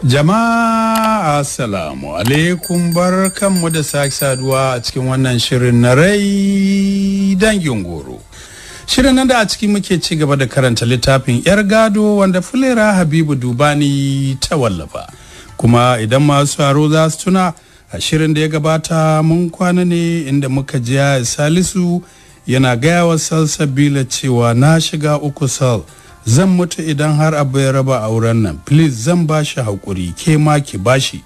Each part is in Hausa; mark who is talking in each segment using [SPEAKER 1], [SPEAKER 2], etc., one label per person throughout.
[SPEAKER 1] Jama'a Assalamu alaikum bar kanmu da sake saduwa a cikin wannan shirin na rai dangin goro. Shirin nan da a ciki muke ci gaba da karanta littafin 'yar gado wanda fulera Habibu Dubani ta wallafa. Kuma idan masu haro za su tuna a shirin da ya gabata mun kwana ne inda muka jiya Salisu yana gaya wa Salsabila cewa na shiga uku sal. zan mutu idan har abu ya raba auren nan please zan ba shi haƙuri ke ma ki ba shi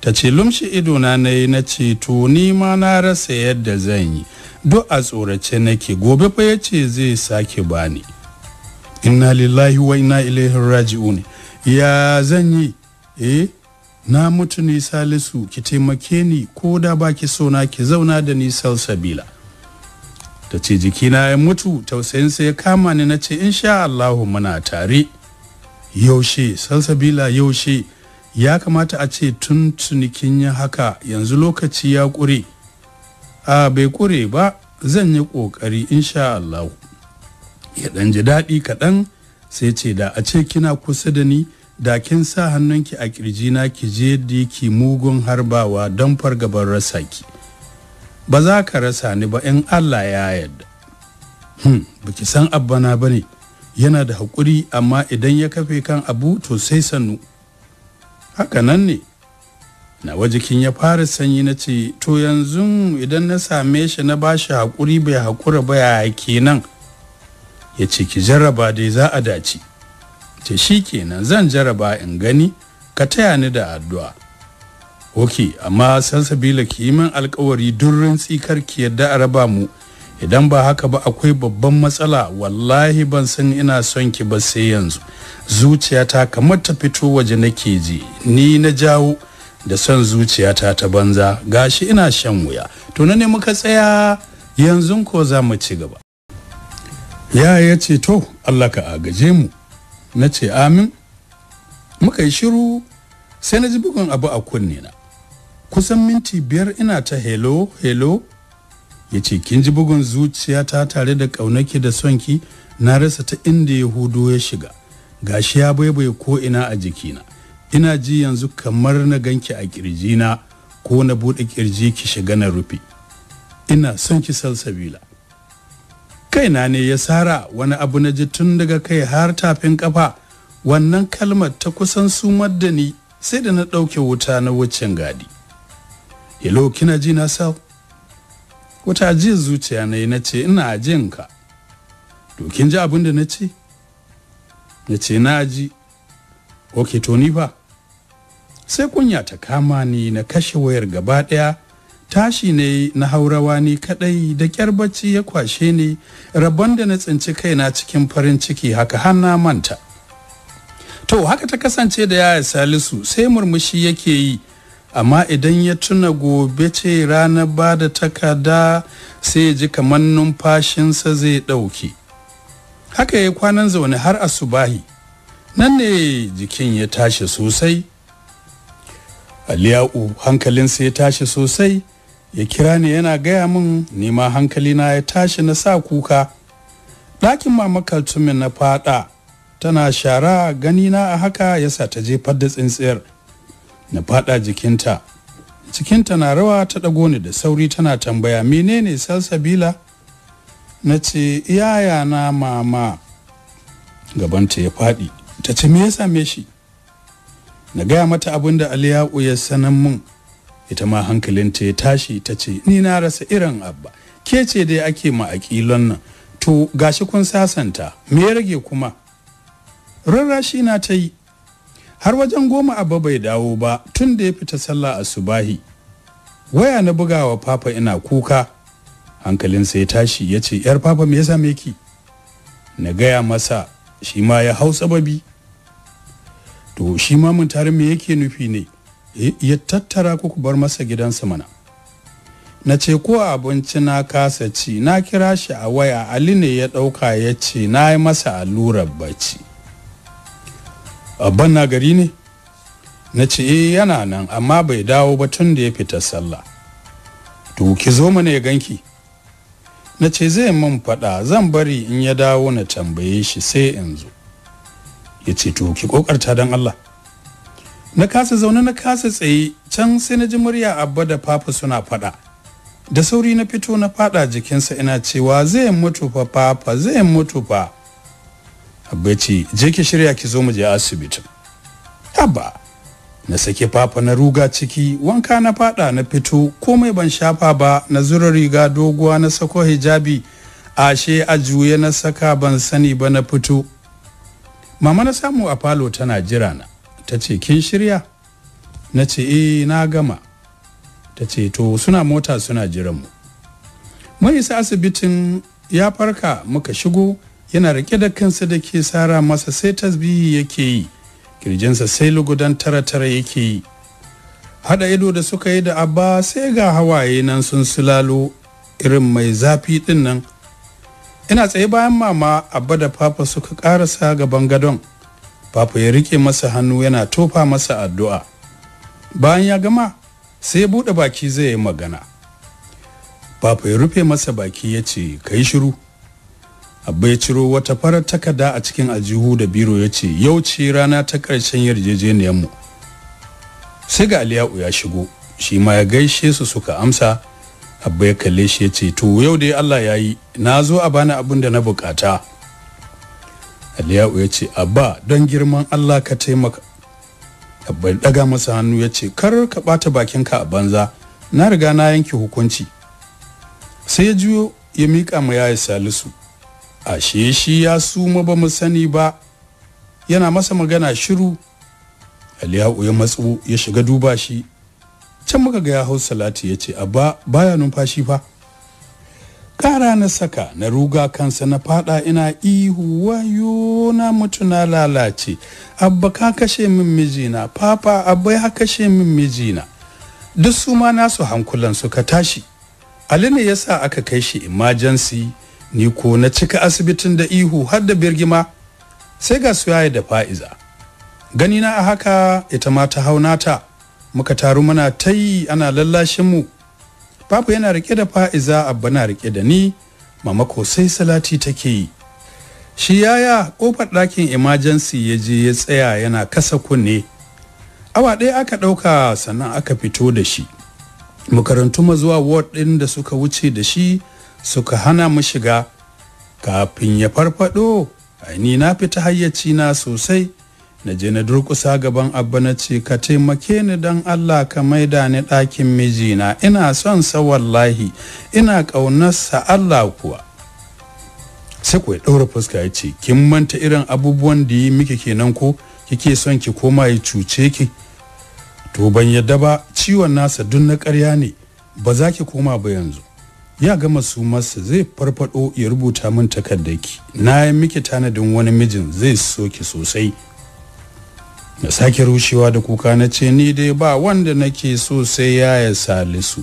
[SPEAKER 1] ta ce lumshi idona na yi na ce to ni ma na rasa yadda zan yi duk a tsorace nake gobe fa ya ce zai sake bani inna lillahi wa inna ilaihi raji'un ya zan yi eh na mutu ne salisu ki taimake ni ko da baki so na ki zauna da ni sabila. ta ce jikina ya mutu tausayin sai ya kama ni na ce insha Allahu muna tare yaushe salsabila yaushe ya kamata a ce tun tunikin ya haka yanzu lokaci ya kure? a bai kure ba zan yi ƙoƙari insha Allahu ya ɗan ji daɗi kaɗan sai ce da a ce kina kusa da ni da kin sa hannunki a na ki je da yake mugun harbawa don fargabar rasa ki ba za ka rasa ni ba in Allah ya yarda hmm baki san abbana bane yana da haƙuri amma idan ya kafe kan abu to sai sannu haka nan ne na kin ya fara sanyi na ce to yanzu idan na same shi na ba shi haƙuri bai haƙura ba ya kenan ya ce ki jarraba dai za a dace ce shi kenan zan jarraba in gani ka taya ni da addu'a ok amma sansabila ki min alkawari durrin tsikar ki yadda a raba mu idan ba haka ba akwai babban matsala wallahi ban san ina son ki ba sai yanzu zuciyata kamar ta fito waje nake ji ni na jawo da son zuciyata ta banza gashi ina shan wuya to na ne muka tsaya yanzu ko za mu ci gaba ya ya ce to Allah ka agaje mu na ce amin muka yi shiru sai na ji bugun abu a kunne na kusan minti biyar ina ta hello hello ya ce kin ji bugun zuciyata tare da ƙaunaki da sonki na rasa ta inda ya hudu ya shiga gashi ya baibaye ko ina a jikina ina ji yanzu kamar na ganki a kirjina ko na buɗe kirji ki shiga na rufe ina son ki salsabila kaina ne ya sara wani abu na ji tun daga kai har tafin kafa wannan kalmar ta kusan sumar da ni sai da na ɗauke wuta na wucin gadi lo, kina ji na sau? wata jiya zuciya na yi na ce ina jin ka to kin ji abinda na ce na ce na ji Oke, to ni ba sai kunya ta kama ni na kashe wayar gaba daya tashi ne na haurawa ni kadai da kyar bacci ya kwashe ni Rabban da na tsinci kaina cikin farin ciki haka har manta to haka ta kasance da yaya salisu sai murmushi yake yi amma idan ya tuna gobe ce ranar ba da takarda sai ji kamar numfashinsa zai ɗauke haka ya kwanan zaune har asubahi nan ne jikin ya tashi sosai aliyau hankalinsa ya tashi sosai ya kira ni yana gaya min nima hankalina ya tashi na sa kuka ɗakin mama kaltumin na fada tana shara ganina a haka ya sa ta jefar da tsintsiyar na fada jikinta cikinta na rawa ta ɗago ni da sauri tana tambaya menene salsabila na ce yaya na mama gabanta ya faɗi ta ce me ya same shi na gaya mata abin da aliyu ya sanan mun ita ma hankalinta ya tashi ta ce ni na rasa irin abba ke ce dai ake ma aƙilon nan to gashi kun sasanta me ya rage kuma rarrashi na ta yi har wajen goma abu bai dawo ba tun da ya fita sallah a subahi. waya na bugawa papa ina kuka hankalinsa ya tashi ya ce yar papa me yasa ki? na gaya masa shi ma ya hau sababi to shi ma mun tare me yake nufi ne eh, ya tattara ku bar masa gidansa mana na ce ko abinci na kasa ci na kira shi a waya ali ne ya ɗauka ya ce na yi masa allurar bacci Abban na gari ne na ce eh yana nan amma bai dawo ba tun da ya fita sallah to ki zo mana ya ganki na ce zai min faɗa zan bari in ya dawo na tambaye shi sai in zo ya ce to ki kokarta don Allah na kasa zaune na kasa tsaye can sai na ji murya abba da papa suna faɗa da sauri na fito na fada jikinsa ina cewa zai mutu fa fafa zai mutu fa abba ce je ki shirya ki zo mu je asibiti haba na sake papa na ruga ciki wanka na fada na fito komai ban shafa ba na zura riga doguwa na sako hijabi ashe a juye na saka ban sani ba na fito mama na samu a falo tana jira na ta ce kin shirya na ce eh na gama ta ce to suna mota suna jiran mu mun isa asibitin ya farka muka shigo yana rike da kansa da ke sara masa sai tasbihi yake yi kirjinsa sai lugudan tara-tara yake yi haɗa ido da suka yi da abba sai ga hawaye nan sun sulalo irin mai zafi ɗin nan ina tsaye bayan mama abba da papa suka karasa gaban gadon papa ya rike masa hannu yana tofa masa addu'a bayan ya gama sai ya buɗe baki zai yi magana papa ya rufe masa baki ya ce ka yi shiru abba ya ciro wata farar takarda a cikin aljihu da biro ya ce yau ce rana ta karshen yarjejeniyar mu sai ga aliyu ya shigo shi ma ya gaishe su suka amsa abba ya kalle shi ya ce to yau dai Allah ya yi na zo a bani abin da na bukata aliyu ya ce abba don girman Allah ka taimaka abba ya daga masa hannu ya ce kar ka bata bakinka a banza na riga na yanke hukunci sai ya juyo ya mika ma yayi salisu ashe shi ya suma ba mu sani ba yana masa magana shiru aliyu ya matsu ya shiga duba shi can muka ga ya hau salati ya ce abba baya numfashi fa kara na saka na ruga kansa na fada ina ihu wayo na mutu na lalace abba ka kashe min mijina papa abba ya kashe min mijina duk su ma nasu hankulan suka tashi ali ne yasa aka kai shi imajansi ni ko na cika asibitin da ihu har da birgima sai ga suyaya da fa'iza gani na a haka ita ma ta hauna ta muka taru muna ta yi ana lallashin mu babu yana rike da fa'iza abba na rike da ni mama ko sai salati take yi shi yaya kofar ɗakin emergency ya je ya tsaya yana kasa kunne awa ɗaya aka ɗauka sannan aka fito da shi makarantu zuwa ward ɗin da suka wuce da shi suka hana mu shiga kafin ya farfado ni na fita hayyaci na sosai na je na durkusa gaban abba na ce ka taimake ni dan allah ka maida ni ɗakin mijina ina son sa wallahi ina ƙaunarsa allah kuwa sai ku ya ɗaura fuska ya ce kin manta irin abubuwan da yi miki kenan ko kike son ki koma ya cuce ki to ban yadda ba ciwon nasa dun na ƙarya ne ba za ki koma ba yanzu ya gama su masa zai farfado ya rubuta min takardaki na yi miki tanadin wani mijin zai soki sosai na sake rushewa da kuka na ce ni dai ba wanda nake so sai yaya salisu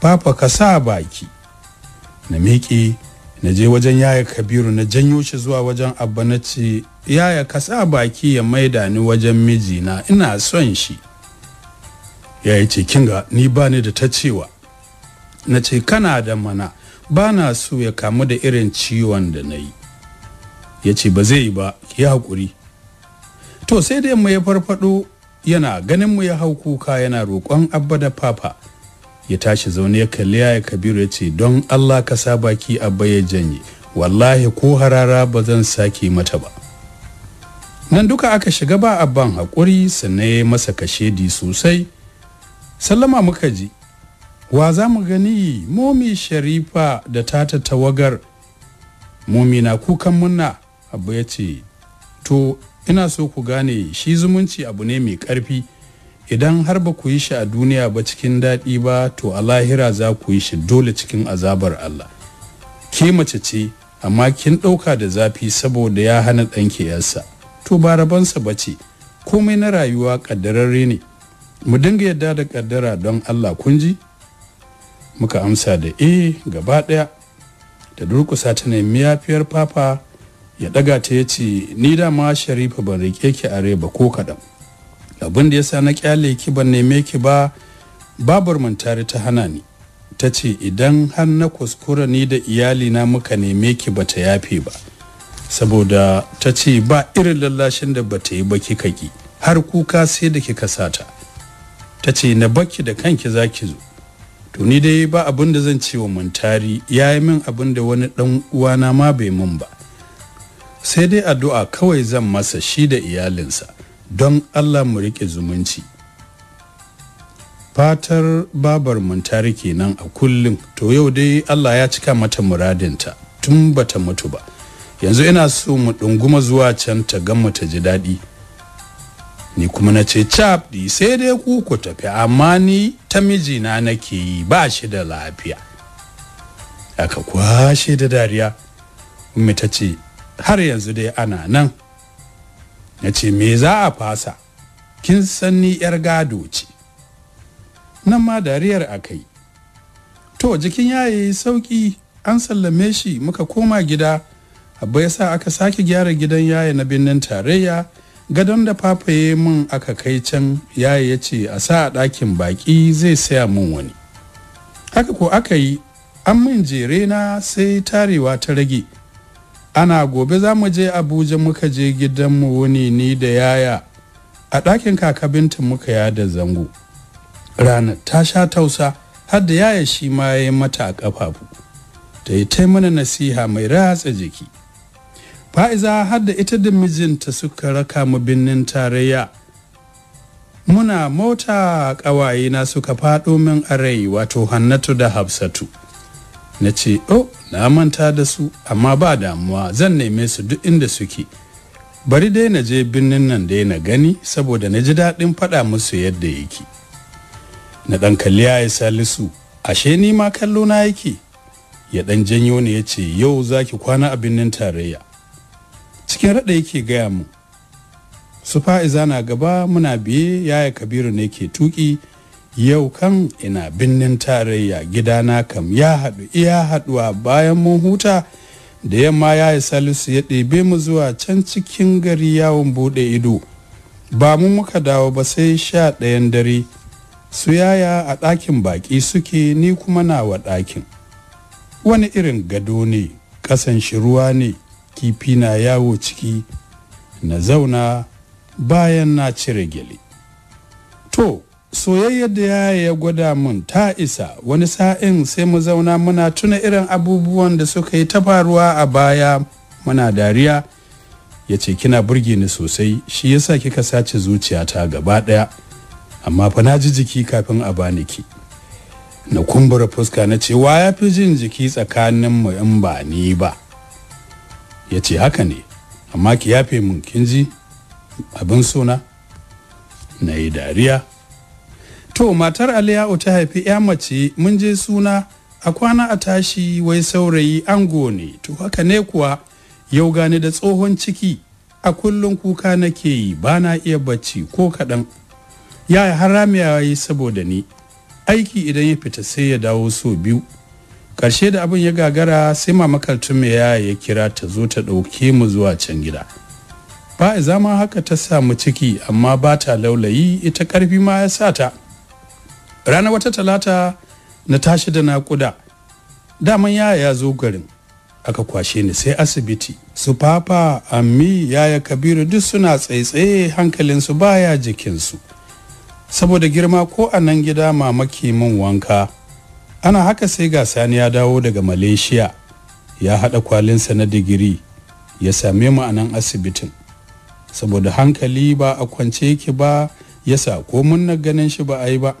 [SPEAKER 1] papa ka sa baki na miƙe na je wajen yaya kabiru na janyo shi zuwa wajen abba na ce yaya ka sa baki ya maida ni wajen mijina ina son shi ya yi ce kinga ni ba ni da ta cewa na ce kana da mana ba na so ya kamu da irin ciwon da na yi ya ce ba zai yi ba ya haƙuri to sai dai mu ya farfado yana ganin mu ya hau kuka yana roƙon abba da papa ya tashi zaune ya kalli ya kabiru ya ce don allah ka sa baki abba ya janye wallahi ko harara ba zan sake mata ba nan duka aka shiga ba abban haƙuri sannan ya masa kashedi sosai sallama muka ji wa za mu gani momi sharifa da tata tawagar momi na kukan munna abu ya ce to ina so ku gane shi zumunci abu ne mai ƙarfi idan har ba ku yi shi a duniya ba cikin daɗi ba to a lahira za ku yi shi dole cikin azabar Allah ke mace ce amma kin ɗauka da zafi saboda ya hana ɗanki yarsa to ba rabansa ba ce komai na rayuwa ƙaddararre ne mu dinga yadda da ƙaddara don Allah kun ji muka amsa da e gaba ɗaya da durkusa ta nemi yafiyar papa ya ɗaga ta ya ce ni dama sharifa ban rike ki a ba ko kaɗan abin da ya sa na kyale ki ban neme ki ba babar mantari ta hana ni ta ce idan har na kuskura ni da iyali na muka neme ki ba ta yafe ba saboda ta ce ba irin lallashin da bata yi ba kika ki har kuka sai da kika sata ta ce na bakki da kanki zaki zo to ni dai ba abin da zan ce wa muntari ya yi min abin da wani ɗan uwana ma bai mun ba sai dai addu'a kawai zan masa shi da iyalinsa don allah mu riƙe zumunci fatar babar muntari kenan a kullum to yau dai allah ya cika mata muradinta tun bata mutu ba yanzu ina so mu ɗunguma zuwa can ta gama ta ji daɗi ni kuma na ce cap sai dai ku ku tafi amma ni ta mijina nake yi ba shi da lafiya aka kwashe da dariya ummi ta ce har yanzu dai ana nan na ce me za a fasa kin san ni yar gado ce nan ma dariyar a yi to jikin yaye sauki an sallame shi muka koma gida abba ya sa aka sake gyara gidan yaya na binnin tarayya gadon da fafaye min aka kai can yaya ya ce a sa a ɗakin baƙi zai saya min wani haka ko aka yi an min jere na sai tarewa ta rage ana gobe za mu je abuja muka je gidanmu wuni ni da yaya a ɗakin kakabinta muka ya da zango ranar ta sha tausa har da yaya shi ma ya yi mata a ƙafafu ta yi ta mana nasiha mai ratsa jiki fa'iza har da ita da mijinta suka raka mu binnin tarayya muna mota ƙawaye na suka faɗo min a rai wato hannatu da hafsatu na ce oh na manta da su amma ba damuwa zan neme su duk inda suke bari dai na je birnin nan dai na gani saboda na ji daɗin faɗa musu yadda yake na ɗan kalli ya salisu ashe ni ma kallo na yake ya ɗan janyo ne ya ce yau za ki kwana a birnin tarayya cikin raɗa yake gaya mu su fa'iza na gaba muna biye yaya kabiru ne ke tuki yau kan ina binnin tarayya gidana kam ya haɗu iya haɗuwa bayan mun huta da yamma ya yi salisu ya ɗebe mu zuwa can cikin gari yawon buɗe ido ba mu muka dawo ba sai sha ɗayan dare su yaya a ɗakin baƙi suke ni kuma na wa ɗakin wani irin gado ne ƙasan shi ruwa ne kifi na yawo ciki na zauna bayan na cire gyale to soyayyar da yaya ya gwada mun ta isa wani sa'in sai mu zauna muna tuna irin abubuwan da suka yi ta faruwa a baya muna dariya ya ce kina burge ni sosai shi yasa kika sace zuciya ta gaba ɗaya amma fa na ji jiki kafin a bani ki na kumbura fuska na ce wa ya fi jin jiki tsakanin mu in ba ni ba ya ce haka ne amma ki yafe mun kin ji abin suna na yi dariya to matar aliyu ta haifi ya mace mun je suna a kwana a tashi wai saurayi ango ne to haka ne kuwa yau gane da tsohon ciki a kullum kuka nake yi ba na iya bacci ko kaɗan ya haramiya yi saboda ni aiki idan ya fita sai ya dawo so biyu karshe da abin ya gagara sai mamakar mai yaya ya kira ta zo ta ɗauke mu zuwa can gida Ba zama haka ta samu ciki amma ba ta laulayi ita ƙarfi ma ya sa ta ranar wata talata na tashi da naƙuda daman yaya ya zo garin aka kwashe ni sai asibiti su fafa ammi yaya kabiru duk suna tsaitsaye hankalinsu baya jikinsu saboda girma ko a nan gida mamaki min wanka ana haka sai ga sani ya dawo daga malaysia ya haɗa kwalinsa na digiri ya same mu a nan asibitin saboda hankali ba a kwance yake ba ya sa ko na ganin shi ba a yi ba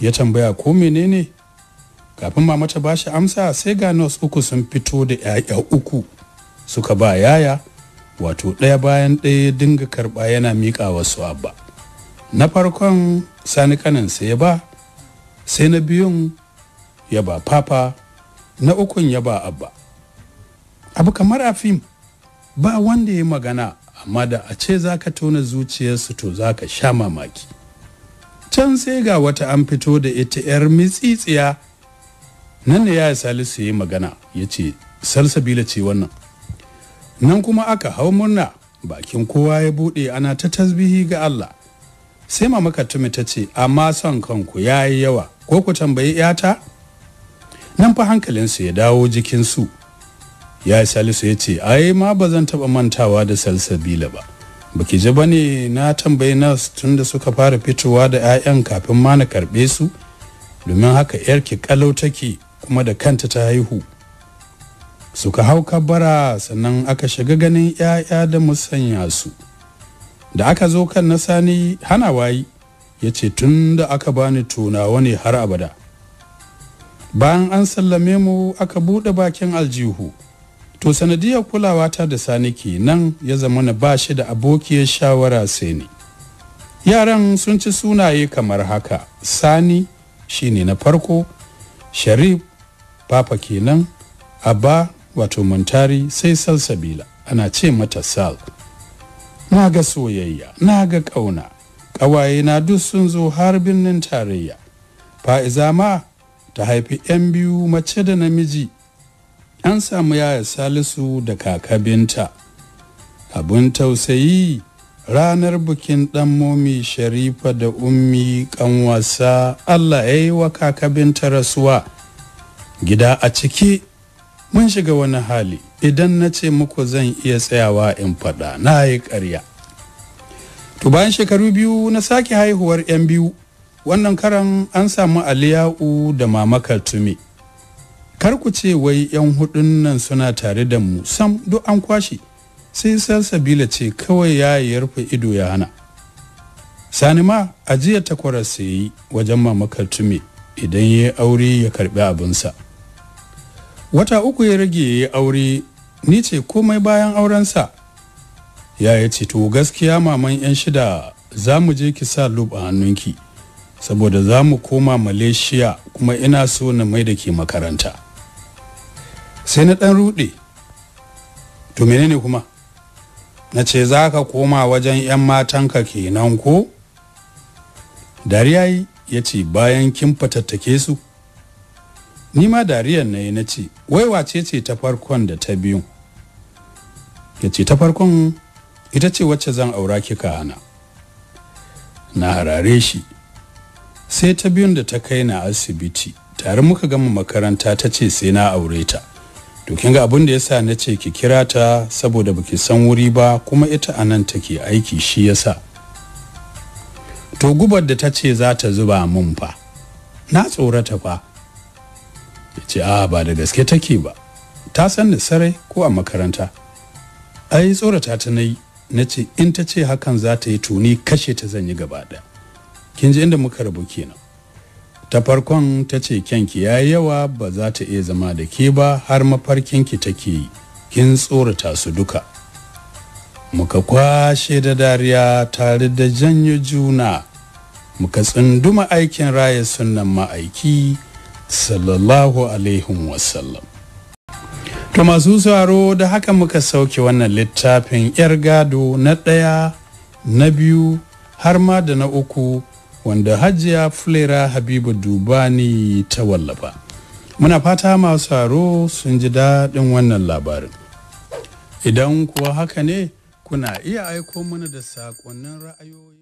[SPEAKER 1] ya tambaya ko menene kafin mama ta bashi amsa sai ga nurse uku sun fito da 'ya'ya uku suka ba yaya wato ɗaya bayan ɗaya dinga karɓa yana miƙa wasu abba na farkon sani kanan sai ya ba sai na biyun ya ba papa na ukun ya ba abba abu kamar a fim ba wanda ya magana amma da a ce za ka tona zuciyarsu to za ka sha mamaki can sai ga wata an fito da ita 'yar mitsitsiya nan ne ya salisu ya yi magana ya ce salsabila ce wannan nan kuma aka hau murna bakin kowa ya buɗe ana ta tasbihi ga allah sai mamaka katumi ta ce amma son kanku ya yi yawa ko ku tambayi 'yata nan fa hankalinsu ya dawo jikin su ya salisu ya ce ai ma ba zan taba mantawa da salsabila ba baki ji ba ne na tambayi nas tun da suka fara fitowa da 'ya'yan kafin ma na karɓe su domin haka yarki kalau take kuma da kanta ta haihu suka hau kabara sannan aka shiga ganin 'ya'ya da musanya su da aka zo kan na sani hana wayi yace tunda aka bani tunawa ne har abada bayan an sallame mu aka buɗe bakin aljihu to sanadiyar kulawa ta da sani kenan ya zama na ba shi da abokiyar shawara sai ni yaran sun ci sunaye kamar haka sani shine na farko sharif papa kenan abba wato muntari sai salsabila ana ce mata sal na ga soyayya na ga ƙauna ƙawaye na duk sun zo har birnin tarayya fa'iza ma ta haifi 'yan biyu mace da namiji an samu yaya salisu da kakabinta abin tausayi ranar bukin dan momi sharifa da ummi kanwasa allah ya yi wa kakabinta rasuwa gida a ciki mun shiga wani hali idan na ce muku zan iya tsayawa in faɗa na yi karya. to bayan shekaru biyu na sake haihuwar 'yan biyu wannan karan an samu aliya'u da mamakar Tumi. kar ku ce wai yan hudun nan suna tare da mu sam duk an kwashi sai salsabila ce kawai ya yarfe ido ya hana sani ma ajiya takwara sa yi wajen mamakar Tumi idan ya aure ya karbi abinsa wata uku ya rage ya aure ni ce komai bayan aurensa ya ya ce to gaskiya maman yan shida za mu je ki sa lub a hannunki saboda za mu koma malaysia kuma ina so na mai da ke makaranta sai na dan rude. to menene kuma na ce za ka koma wajen 'yan matan matanka kenan ko dariya ya ce bayan kin fatattake su ni ma dariyan na yi na ce wai wace ce ta farkon da ta biyu ya ce ta farkon ita ce wacce zan aura kika hana na harare shi sai ta biyun da ta kai na asibiti tare muka gama makaranta ta ce sai na aure ta to kin ga abin da yasa na ce ki kira ta saboda baki san wuri ba kuma ita anan take aiki shi yasa to gubar da ta ce za ta zuba mun fa na tsorata fa ya ce a ba da gaske take ba ta san da sarai ko a makaranta ai tsorata ta na yi na ce in ta ce hakan za ta yi tuni kashe ta zan yi gaba ɗaya kin ji inda muka rabu kenan ta farkon ta ce kyanki ya yi yawa ba za ta iya zama da ke ba har mafarkin ki take yi kin tsorata su duka muka kwashe da dariya tare da janyo juna muka tsunduma aikin raya sunan ma'aiki sallallahu alaihi wasallam to masu tsaro da haka muka sauke wannan littafin 'yar gado na ɗaya na biyu har ma da na uku wanda hajiya fulera habibu dubani ta wallafa muna fata masu haro sun ji daɗin wannan labarin idan kuwa haka ne kuna iya aiko mana da saƙonnin ra'ayoyi